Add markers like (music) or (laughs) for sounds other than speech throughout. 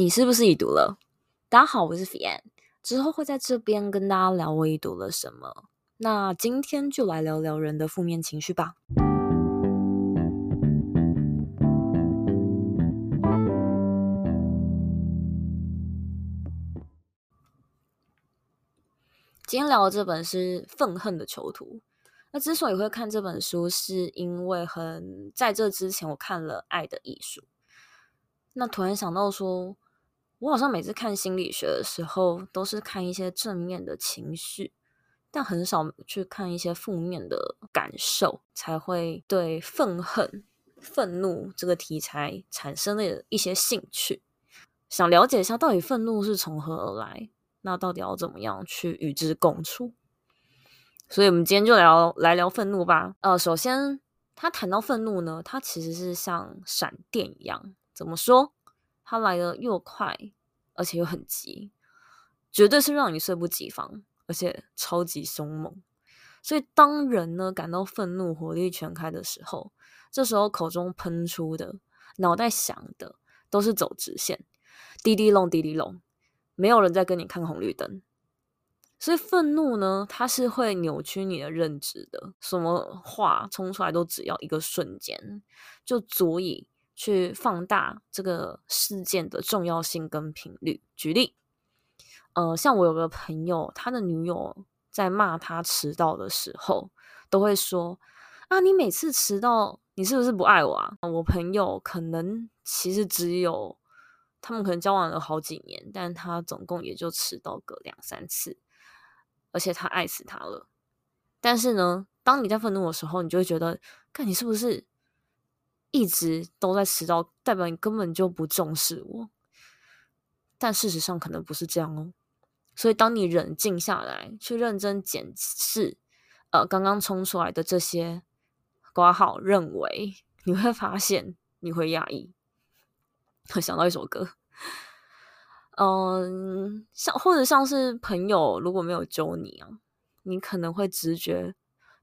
你是不是已讀了？大家好，我是菲恩，之後會在這邊跟大家聊我已讀了什麼。那今天就來聊聊人的負面情緒吧。今天聊的這本是《憤恨的囚徒》。那之所以會看這本書，是因為很在這之前我看了《愛的藝術》，那突然想到說。我好像每次看心理學的時候，都是看一些正面的情緒，但很少去看一些負面的感受，才會對憤恨、憤怒這個題材產生了一些興趣，想了解一下到底憤怒是從何而來，那到底要怎麼樣去與之共處？所以，我們今天就聊來聊憤怒吧。呃，首先，他談到憤怒呢，他其實是像閃電一樣，怎麼說？它來的又快，而且又很急，絕對是讓你猝不及防，而且超級兇猛。所以，當人呢感到憤怒、火力全開的時候，這時候口中噴出的、腦袋想的都是走直線，滴滴隆，滴滴隆，沒有人在跟你看紅綠燈。所以，憤怒呢，它是會扭曲你的認知的，什麼話衝出來都只要一個瞬間，就足以。去放大這個事件的重要性跟頻率，舉例。呃，像我有個朋友，他的女友在罵他遲到的時候，都會說：“啊，你每次遲到，你是不是不愛我啊？”我朋友可能其實只有他們可能交往了好幾年，但他總共也就遲到個兩三次，而且他愛死他了。但是呢，當你在憤怒的時候，你就會覺得：“看，你是不是？”一直都在遲到，代表你根本就不重視我。但事實上可能不是這樣哦。所以當你冷靜下來，去認真檢視，呃，剛剛衝出來的這些掛號認為，你會發現你會壓抑。會想到一首歌。嗯，像或者像是朋友如果沒有揪你啊，你可能會直覺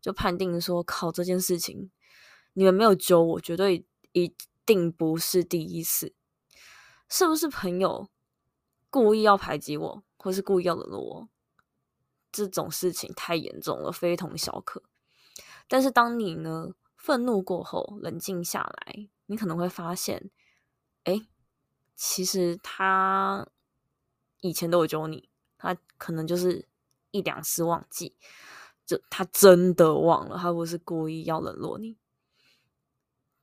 就判定說，靠這件事情。你們沒有揪我，絕對一定不是第一次，是不是朋友故意要排擠我，或是故意要冷落我？這種事情太嚴重了，非同小可。但是當你呢，憤怒過後冷靜下來，你可能會發現，哎、欸，其實他以前都有揪你，他可能就是一兩次忘記，就他真的忘了，他不是故意要冷落你。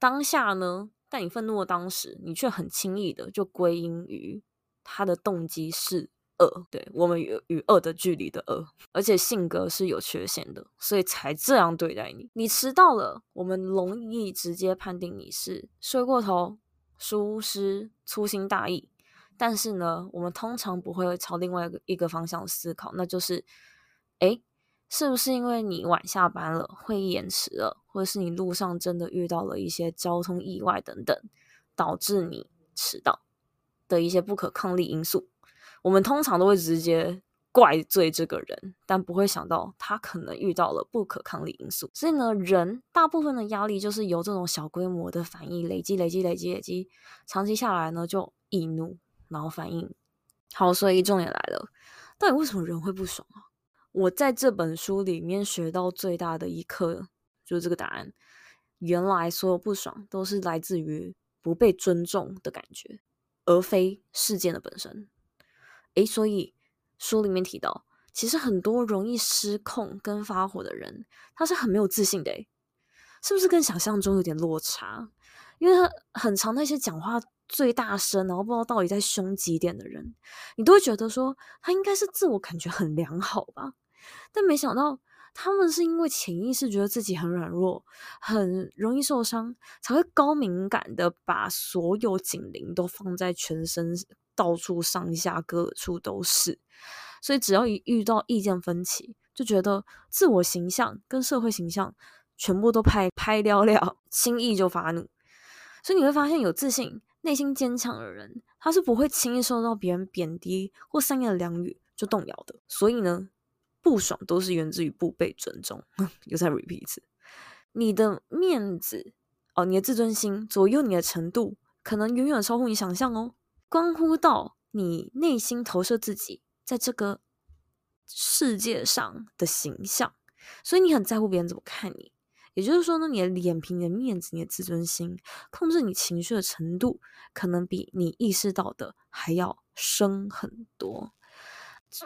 當下呢？但你憤怒的當時，你卻很輕易的就歸因於他的動機是惡，對，我們與與惡的距離的惡，而且性格是有缺陷的，所以才這樣對待你。你遲到了，我們容易直接判定你是睡過頭、疏失、粗心大意，但是呢，我們通常不會朝另外一個一個方向思考，那就是，哎。是不是因為你晚下班了，會延遲了，或者是你路上真的遇到了一些交通意外等等，導致你遲到的一些不可抗力因素，我們通常都會直接怪罪這個人，但不會想到他可能遇到了不可抗力因素。所以呢，人大部分的壓力就是由這種小規模的反應累積、累積、累積、累積，長期下來呢就易怒，然後反應。好，所以重點來了，到底為什麼人會不爽啊？我在這本書裡面學到最大的一課就是這個答案：原來所有不爽都是來自於不被尊重的感覺，而非事件的本身。誒，所以書裡面提到，其實很多容易失控跟發火的人，他是很沒有自信的、欸。是不是跟想象中有點落差？因為他很常那些講話最大聲，然後不知道到底在凶幾點的人，你都會覺得說他應該是自我感覺很良好吧？但沒想到，他們是因為潛意識覺得自己很軟弱，很容易受傷，才會高敏感的把所有警鈴都放在全身，到處上下各處都是。所以只要一遇到意見分歧，就覺得自我形象跟社會形象全部都拍拍掉了，輕易就發怒。所以你會發現，有自信、內心堅強的人，他是不會輕易受到別人貶低或三言兩語就動搖的。所以呢，不爽都是源自於不被尊重， (laughs) 又在 repeat 一次。你的面子哦，你的自尊心左右你的程度，可能遠遠超乎你想象哦，關乎到你內心投射自己在這個世界上的形象，所以你很在乎別人怎麼看你。也就是說呢，你的臉皮、你的面子、你的自尊心，控制你情緒的程度，可能比你意識到的還要深很多。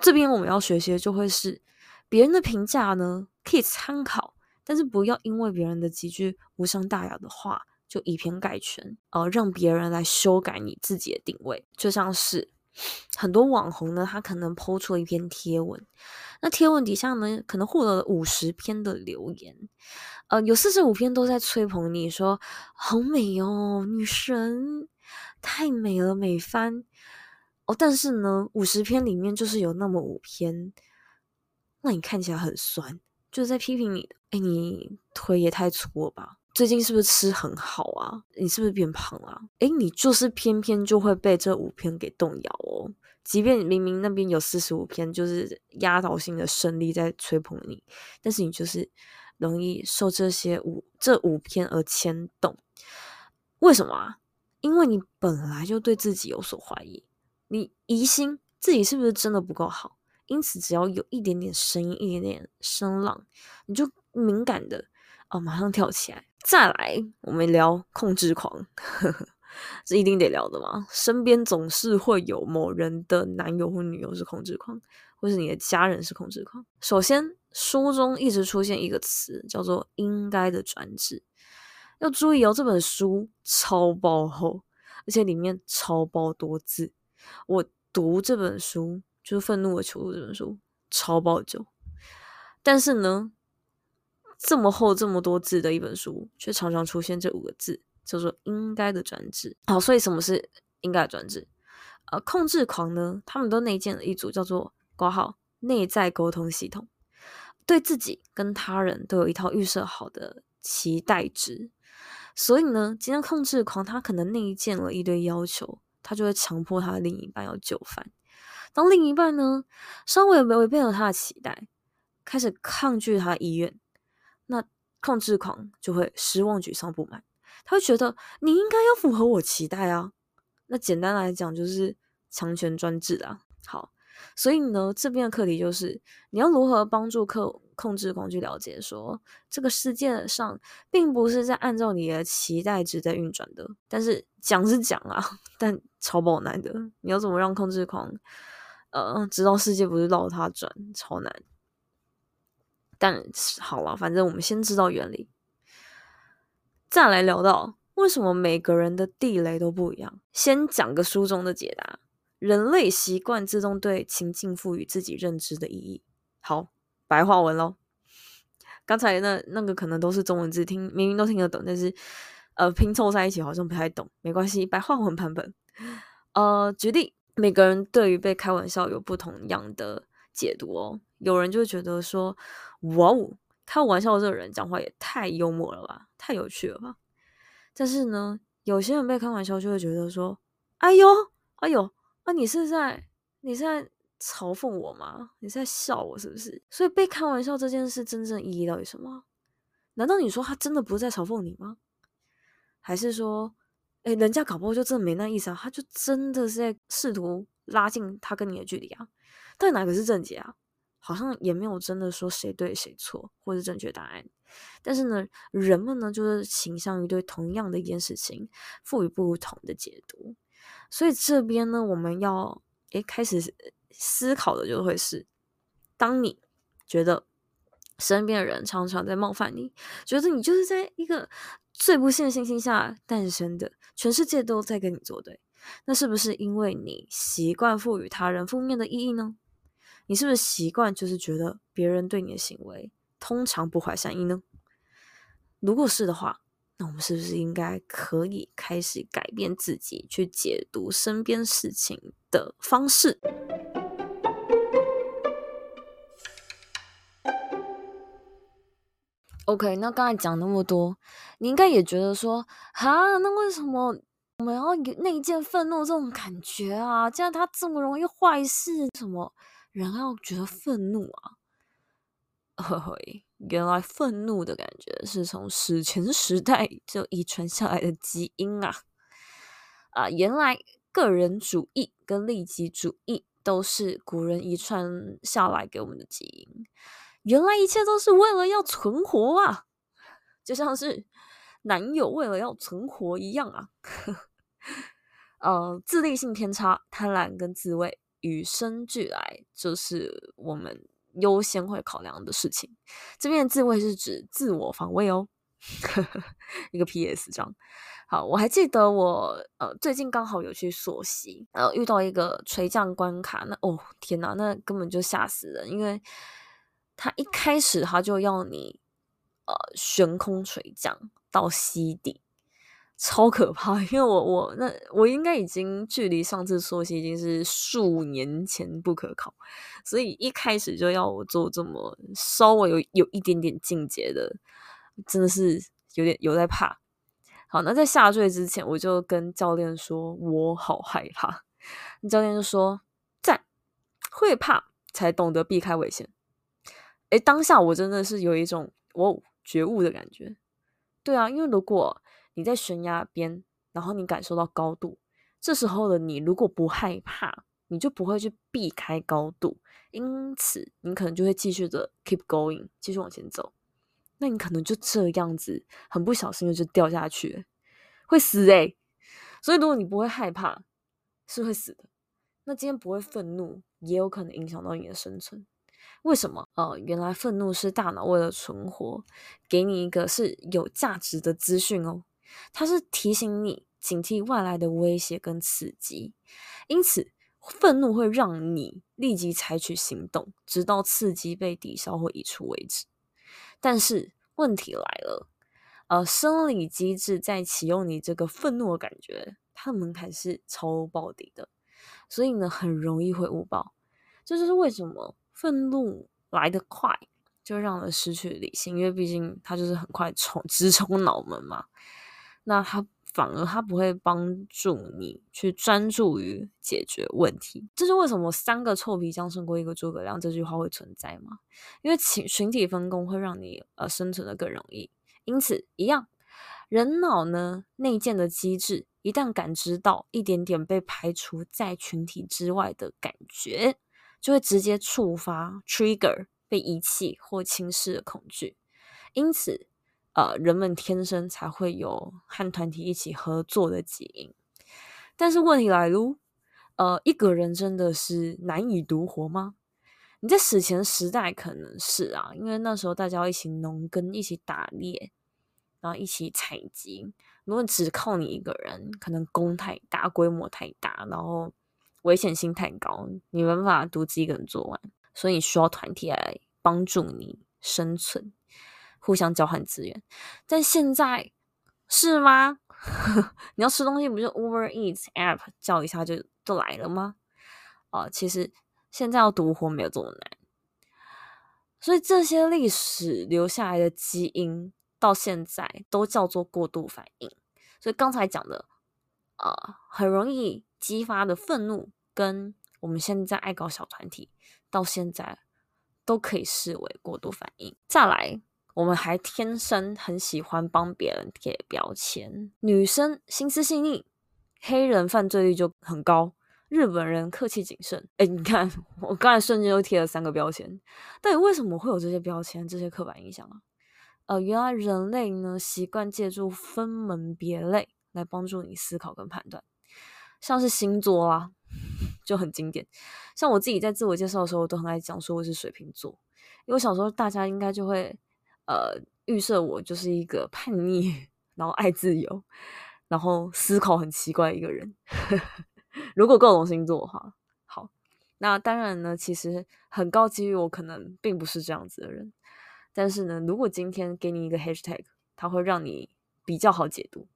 這邊我們要學習的就會是別人的評價呢，可以參考，但是不要因為別人的幾句無傷大雅的話就以偏概全，呃，讓別人來修改你自己的定位。就像是很多網紅呢，他可能 po 出了一篇貼文，那貼文底下呢，可能獲得了五十篇的留言，呃，有四十五篇都在吹捧你說好美哦，女神，太美了，美翻。哦，但是呢，五十篇裡面就是有那麼五篇，那你看起來很酸，就是在批評你。哎、欸，你腿也太粗了吧？最近是不是吃很好啊？你是不是變胖了、啊？哎、欸，你就是偏偏就會被這五篇給動搖哦。即便明明那邊有四十五篇，就是壓倒性的勝利在吹捧你，但是你就是容易受這些五這五篇而牽動。為什麼啊？因為你本來就對自己有所懷疑。你疑心自己是不是真的不夠好，因此只要有一點點聲音、一點點聲浪，你就敏感的啊，馬上跳起來。再來，我們聊控制狂，呵呵，這一定得聊的嘛。身邊總是會有某人的男友或女友是控制狂，或是你的家人是控制狂。首先，書中一直出現一個詞，叫做“應該”的專制。要注意哦，這本書超爆厚，而且裡面超爆多字。我讀這本書，就是《忿恨的囚徒》這本書，超爆久。但是呢，這麼厚這麼多字的一本書，卻常常出現這五個字，叫做“應該的專制”哦。好，所以什麼是“應該的專制”？呃，控制狂呢，他們都內建了一組叫做“括號”內在溝通系統，對自己跟他人都有一套預設好的期待值。所以呢，今天控制狂他可能內建了一堆要求。他就會強迫他的另一半要就範。當另一半呢稍微有違背了他的期待，開始抗拒他的意願，那控制狂就會失望、沮喪、不滿。他會覺得你應該要符合我期待啊。那簡單來講就是強權專制啊。好，所以呢，這邊的課題就是你要如何幫助控控制狂去了解說，這個世界上並不是在按照你的期待值在運轉的。但是講是講啊，但。超爆難的，你要怎麼讓控制狂，呃，知道世界不是繞著他轉？超難。但好了，反正我們先知道原理，再來聊到為什麼每個人的地雷都不一樣。先講個書中的解答：人類習慣自動對情境賦予自己認知的意義。好，白話文嘍。剛才那那個可能都是中文字，聽明明都聽得懂，但是呃，拼湊在一起好像不太懂。沒關係，白話文版本。呃，決定每個人對於被開玩笑有不同樣的解讀哦。有人就會覺得說，哇哦，開玩笑這個人講話也太幽默了吧，太有趣了吧。但是呢，有些人被開玩笑就會覺得說，哎呦，哎呦，啊，你是在你是在嘲諷我嗎？你是在笑我是不是？所以被開玩笑這件事真正意義到底什麼？難道你說他真的不是在嘲諷你嗎？還是說？哎，人家搞不好就真的沒那意思啊，他就真的是在試圖拉近他跟你的距離啊。到底哪個是正解啊？好像也沒有真的說誰對誰錯或者正確答案。但是呢，人們呢就是傾向於對同樣的一件事情賦予不同的解讀。所以這邊呢，我們要誒開始思考的就會是，當你覺得身邊的人常常在冒犯你，覺得你就是在一個。最不幸的星星下誕生的，全世界都在跟你作對，那是不是因為你習慣賦予他人負面的意義呢？你是不是習慣就是覺得別人對你的行為通常不懷善意呢？如果是的話，那我們是不是應該可以開始改變自己去解讀身邊事情的方式？OK，那剛才講那麼多，你應該也覺得說啊，那為什麼我們要內建憤怒這種感覺啊？既然他這麼容易壞事，什麼人要覺得憤怒啊？ (laughs) 原來憤怒的感覺是從史前時代就遺傳下來的基因啊！啊、呃，原來個人主義跟利己主義都是古人遺傳下來給我們的基因。原來一切都是為了要存活啊，就像是男友為了要存活一樣啊。 (laughs) 呃，自利性偏差、貪婪跟自衛與生俱來，就是我們優先會考量的事情。這邊的自衛是指自我防衛哦。 (laughs) 一個 P.S. 章。好，我還記得我呃最近剛好有去溯溪，呃遇到一個垂降關卡，那哦天哪，那根本就嚇死人，因為。他一開始他就要你，呃，懸空垂降到溪底，超可怕！因為我我那我應該已經距離上次溯溪已經是數年前不可考，所以一開始就要我做這麼稍微有有一點點進階的，真的是有點有在怕。好，那在下墜之前，我就跟教練說我好害怕，教練就說贊，會怕才懂得避開危險。欸，當下我真的是有一種我覺悟的感覺。對啊，因為如果你在懸崖邊，然後你感受到高度，這時候的你如果不害怕，你就不會去避開高度，因此你可能就會繼續的 keep going，繼續往前走。那你可能就這樣子，很不小心就就掉下去，會死欸。所以如果你不會害怕，是會死的。那今天不會憤怒，也有可能影響到你的生存。為什麼？呃，原來憤怒是大腦為了存活，給你一個是有價值的資訊哦。它是提醒你警惕外來的威脅跟刺激，因此憤怒會讓你立即採取行動，直到刺激被抵消或移除為止。但是問題來了，呃，生理機制在啟用你這個憤怒的感覺，它的門檻是超爆低的，所以呢，很容易會誤報。這就是為什麼。憤怒來得快，就讓人失去理性，因為畢竟它就是很快衝直衝腦門嘛。那他反而他不會幫助你去專注於解決問題，這是為什麼“三個臭皮匠勝過一個諸葛亮”這句話會存在嗎？因為群群體分工會讓你呃生存得更容易，因此一樣，人腦呢內建的機制一旦感知到一點點被排除在群體之外的感覺，就會直接觸發 trigger 被遺棄或輕視的恐懼，因此，呃，人們天生才會有和團體一起合作的基因。但是問題來囉，呃，一個人真的是難以獨活嗎？你在史前時代可能是啊，因為那時候大家一起農耕、一起打獵，然後一起採集。如果你只靠你一個人，可能工太大、規模太大，然後。危險性太高，你沒辦法獨自一個人做完，所以你需要團體來幫助你生存，互相交換資源。但現在是嗎？ (laughs) 你要吃東西，不就 Uber Eats App 叫一下就都來了嗎？哦、呃，其實現在要獨活沒有這麼難，所以這些歷史留下來的基因到現在都叫做過度反應。所以剛才講的，呃，很容易激發的憤怒，跟我們現在愛搞小團體，到現在都可以視為過度反應。再來，我們還天生很喜歡幫別人貼標籤。女生心思細膩，黑人犯罪率就很高，日本人客氣謹慎。哎、欸，你看，我剛才瞬間就貼了三個標籤。到底為什麼會有這些標籤、這些刻板印象啊？呃，原來人類呢，習慣借助分門別類，來幫助你思考跟判斷，像是星座啊，就很經典。像我自己在自我介紹的時候，我都很愛講說我是水瓶座，因為想說大家應該就會呃預設我就是一個叛逆，然後愛自由，然後思考很奇怪的一個人。 (laughs) 如果各種星座的話，好，那當然呢，其實很高幾率我可能並不是這樣子的人，但是呢，如果今天給你一個 hashtag，它會讓你比較好解讀。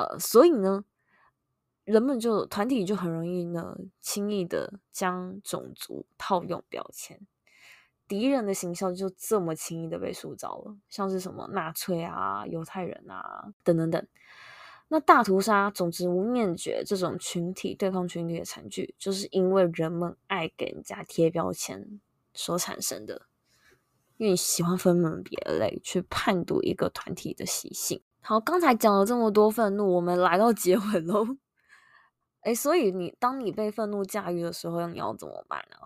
呃，所以呢，人們就團體就很容易呢，輕易的將種族套用標籤，敵人的形象就這麼輕易的被塑造了，像是什麼納粹啊、猶太人啊等等等。那大屠殺，種族滅絕這種群體對抗群體的慘劇，就是因為人們愛給人家貼標籤所產生的，因為你喜歡分門別類去判讀一個團體的習性。好，剛才講了這麼多憤怒，我們來到結尾嘍。誒、欸、所以你當你被憤怒駕馭的時候，你要怎麼辦呢？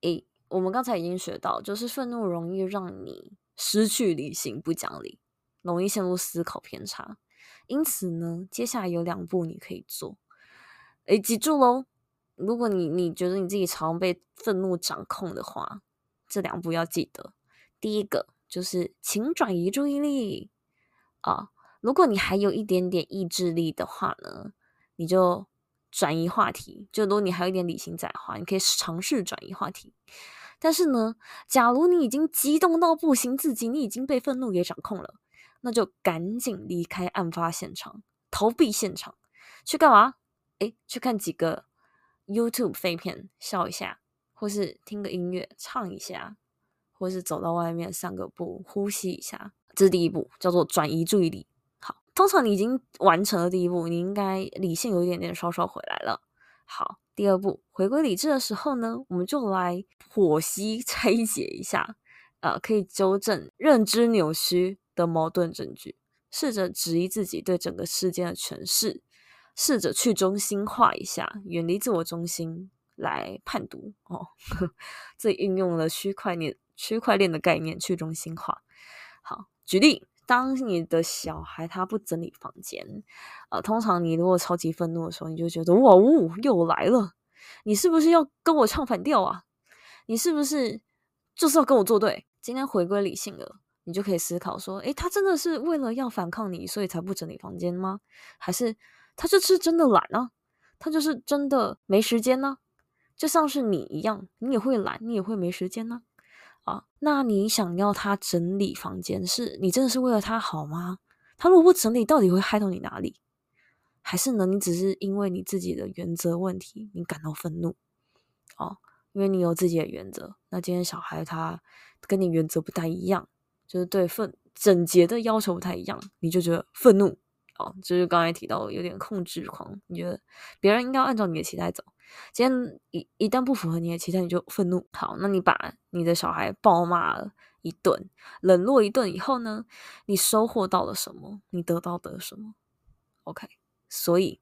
誒、欸、我們剛才已經學到，就是憤怒容易讓你失去理性，不講理，容易陷入思考偏差。因此呢，接下來有兩步你可以做。誒、欸、記住嘍，如果你你覺得你自己常被憤怒掌控的話，這兩步要記得。第一個就是，請轉移注意力。啊，如果你還有一點點意志力的話呢，你就轉移話題。就如果你還有一點理性在的話，你可以嘗試轉移話題。但是呢，假如你已經激動到不行，自己你已經被憤怒給掌控了，那就趕緊離開案發現場，逃避現場。去幹嘛？哎，去看幾個 YouTube 廢片，笑一下，或是聽個音樂唱一下，或是走到外面散個步，呼吸一下。這是第一步，叫做轉移注意力。好，通常你已經完成了第一步，你應該理性有一點點稍稍回來了。好，第二步，回歸理智的時候呢，我們就來剖析拆解一下，呃，可以糾正認知扭曲的矛盾證據，試着質疑自己對整個事件的詮釋，試着去中心化一下，遠離自我中心來判讀。哦，呵，這裡運用了區塊鏈區塊鏈的概念去中心化。好。舉例，當你的小孩他不整理房間，呃，通常你如果超級憤怒的時候，你就覺得哇嗚，又來了，你是不是要跟我唱反調啊？你是不是就是要跟我作對？今天回歸理性了，你就可以思考說，誒，他真的是為了要反抗你，所以才不整理房間嗎？還是他這次真的懶呢？他就是真的沒時間呢？就像是你一樣，你也會懶，你也會沒時間呢？那你想要他整理房間，是你真的是為了他好嗎？他如果不整理，到底會害到你哪裡？還是呢，你只是因為你自己的原則問題，你感到憤怒？哦，因為你有自己的原則，那今天小孩他跟你原則不太一樣，就是對分，整潔的要求不太一樣，你就覺得憤怒？哦，就是剛才提到有點控制狂，你覺得別人應該按照你的期待走。今天一一旦不符合你的期待，你就憤怒。好，那你把你的小孩暴罵了一頓，冷落一頓以後呢？你收穫到了什麼？你得到的什麼？OK，所以，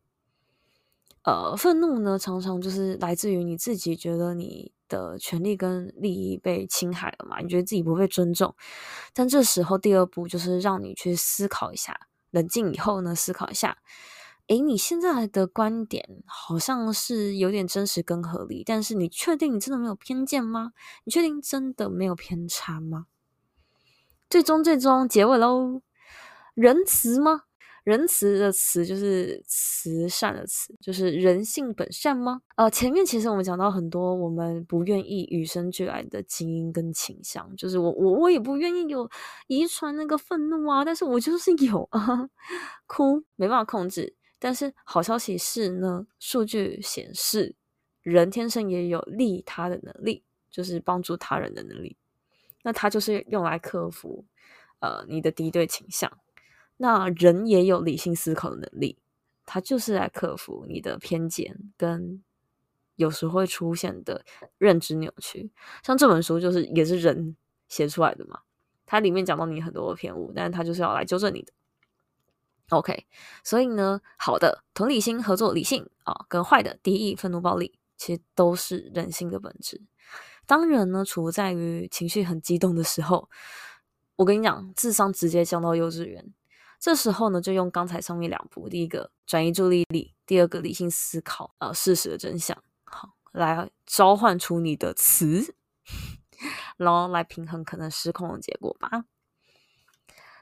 呃，憤怒呢，常常就是來自於你自己覺得你的權利跟利益被侵害了嘛，你覺得自己不被尊重。但這時候，第二步就是讓你去思考一下，冷靜以後呢，思考一下。誒，你現在的觀點好像是有點真實跟合理，但是你確定你真的沒有偏見嗎？你確定真的沒有偏差嗎？最終最終結尾嘍，人慈嗎？人慈的慈就是慈善的慈，就是人性本善嗎？呃，前面其實我們講到很多，我們不願意與生俱來的基因跟傾向，就是我我我也不願意有遺傳那個憤怒啊，但是我就是有啊，呵呵哭沒辦法控制。但是好消息是呢，數據顯示，人天生也有利他的能力，就是幫助他人的能力。那他就是用來克服，呃，你的敵對傾向。那人也有理性思考的能力，他就是來克服你的偏見跟有時候會出現的認知扭曲。像這本書就是也是人寫出來的嘛，它裡面講到你很多的偏誤，但是它就是要來糾正你的。OK，所以呢，好的，同理心、合作、理性啊、哦，跟壞的，敵意、憤怒、暴力，其實都是人性的本質。當人呢，處在於情緒很激動的時候，我跟你講，智商直接降到幼稚園。這時候呢，就用剛才上面兩步：第一個轉移注意力理，第二個理性思考啊、呃、事實的真相。好，來召喚出你的詞，然後來平衡可能失控的結果吧。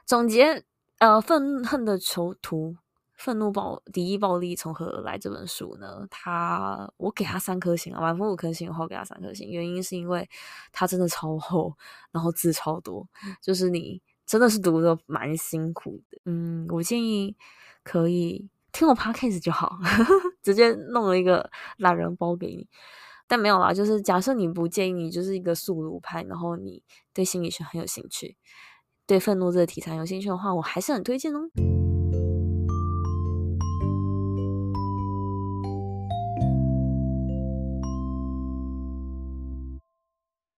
總結。呃，忿恨的囚徒，憤怒暴敵意暴力從何而來？這本書呢？他我給他三顆星啊，滿分五顆星，我好給他三顆星。原因是因為他真的超厚，然後字超多，就是你真的是讀的蠻辛苦的。嗯，我建議可以聽我 podcast 就好，呵呵，直接弄了一個懶人包給你。但沒有啦，就是假設你不介意，就是一個速讀派，然後你對心理學很有興趣。對憤怒這個題材有興趣的話，我還是很推薦哦。